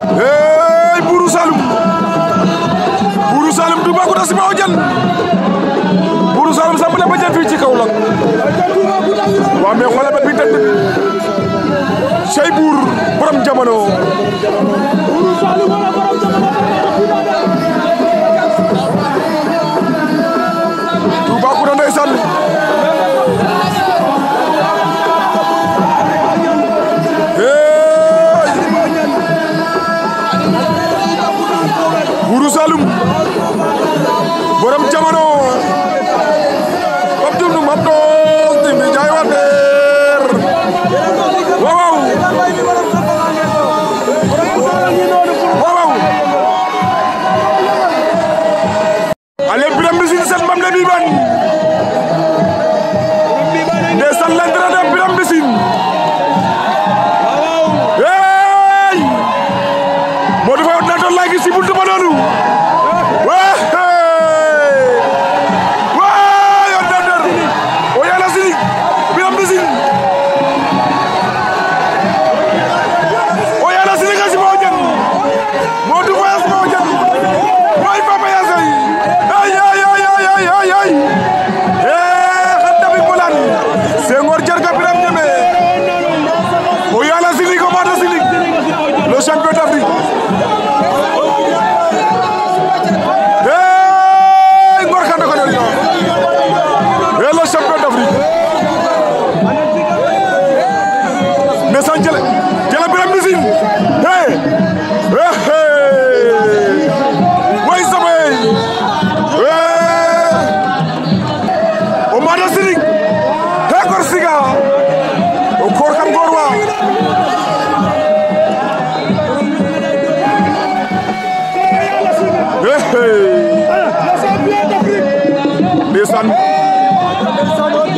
hey buuru Saloum buuru Saloum Toubacouta si Bawo Dieng buuru Saloum sàmm na ba jëm fii ci Kaolack waaw mais xoolal ba bi tëdd say buur borom jamono Buuru Saloum borom jamono fop jum nu mam doos dimbi jaay wa deer waaw biram bisin sen mam le Ini si bulu mana ndeysaan